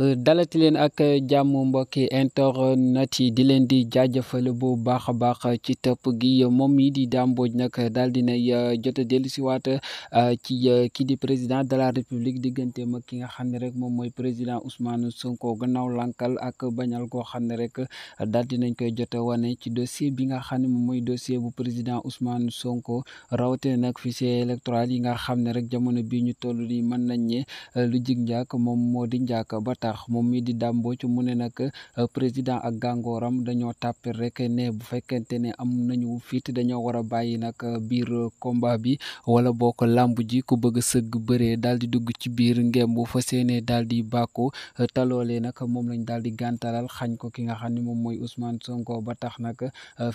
Euh, dalati leen ak jàmm mbokki internet yi di leen di jaajëfal bu baax a baax ci topp gi moom mii di Dame Mbodji nag daal di nay euh, jot a dellu siwaat euh, ci kii di président de la république digganteem ak ki nga xam ne rek moom mooy président Ousmane Sonko gannaaw lankal ak bañal koo xam ne rek daal di nañ koy jot wane ci dossier bi nga xam ne moom mooy dossier bu président Ousmane Sonko rawatina nag fichier électoral yi nga xam ne rek jamono bii ñu toll nii mën nañ lu jig njaak moom moo di njaak Matar moom mii di Dame Mbodj mu ne nag euh, président ak gàngooram dañoo tàppe rek ne bu fekkente ne am nañu fit dañoo war a bàyyi nag euh, biir combat bi wala boo ko làmb ji ku bëgg sëgg bëree dal di dugg ci biir ngem bu fas yéene daal di bàkku euh, taloolee nag moom lañ daal di gàntalal xañ ko ki nga xam ne moom mooy Ousmane Sonko ba tax nag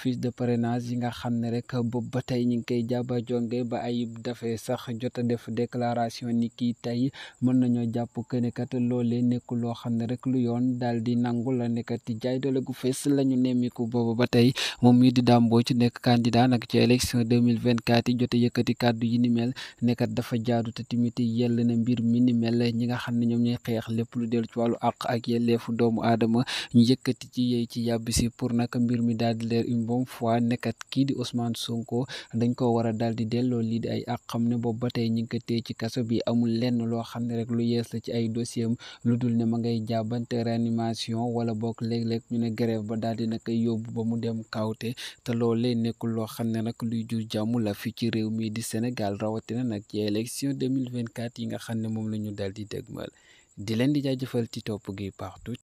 fiche de parrainage yi nga xam ne rek boobu ba tey ñu ngi koy jàpp jonge ba ayib dafee sax jot a def déclaration ni kii tey mën nañoo jàpp que loo xam ne rek lu yoon daal di nangu la nekkati jaay doole gu fees la ñu nemmiku boobu ba tey moom mii di Dame ci nekk candidat nag ci élection 2024 yi jote yëkkati kàddu yi ni mel nekkat dafa jaadu te tamit yell na mbir mi ni mel ñi nga xam ne ñoom ñooy xeex lépp lu dellu ci wàllu àq ak yelleefu doomu aadama ñu yëkkati ci yey ci yàbbi si pour nag mbir mi daal di leer une bonne fois nekkat kii di Ousmane Sonko dañ ko war a daal di delloo lii di ay àq xam ne boobu ba tey ñi ngi ci kaso bi amul lenn loo xam ne rek lu yees ci ay ma ngay jàbbante réanimation wala boog léeg-léeg ñu ne grève ba daal di na koy yóbbu ba mu dem kawte te loolee nekkul loo xam ne nag luy jur jàmm la fii ci réew mii di Sénégal rawatina nag ci vingt 2024 yi nga xam ne moom la ñu daal di dégmal di leen di jaajëfal ci topp gi partout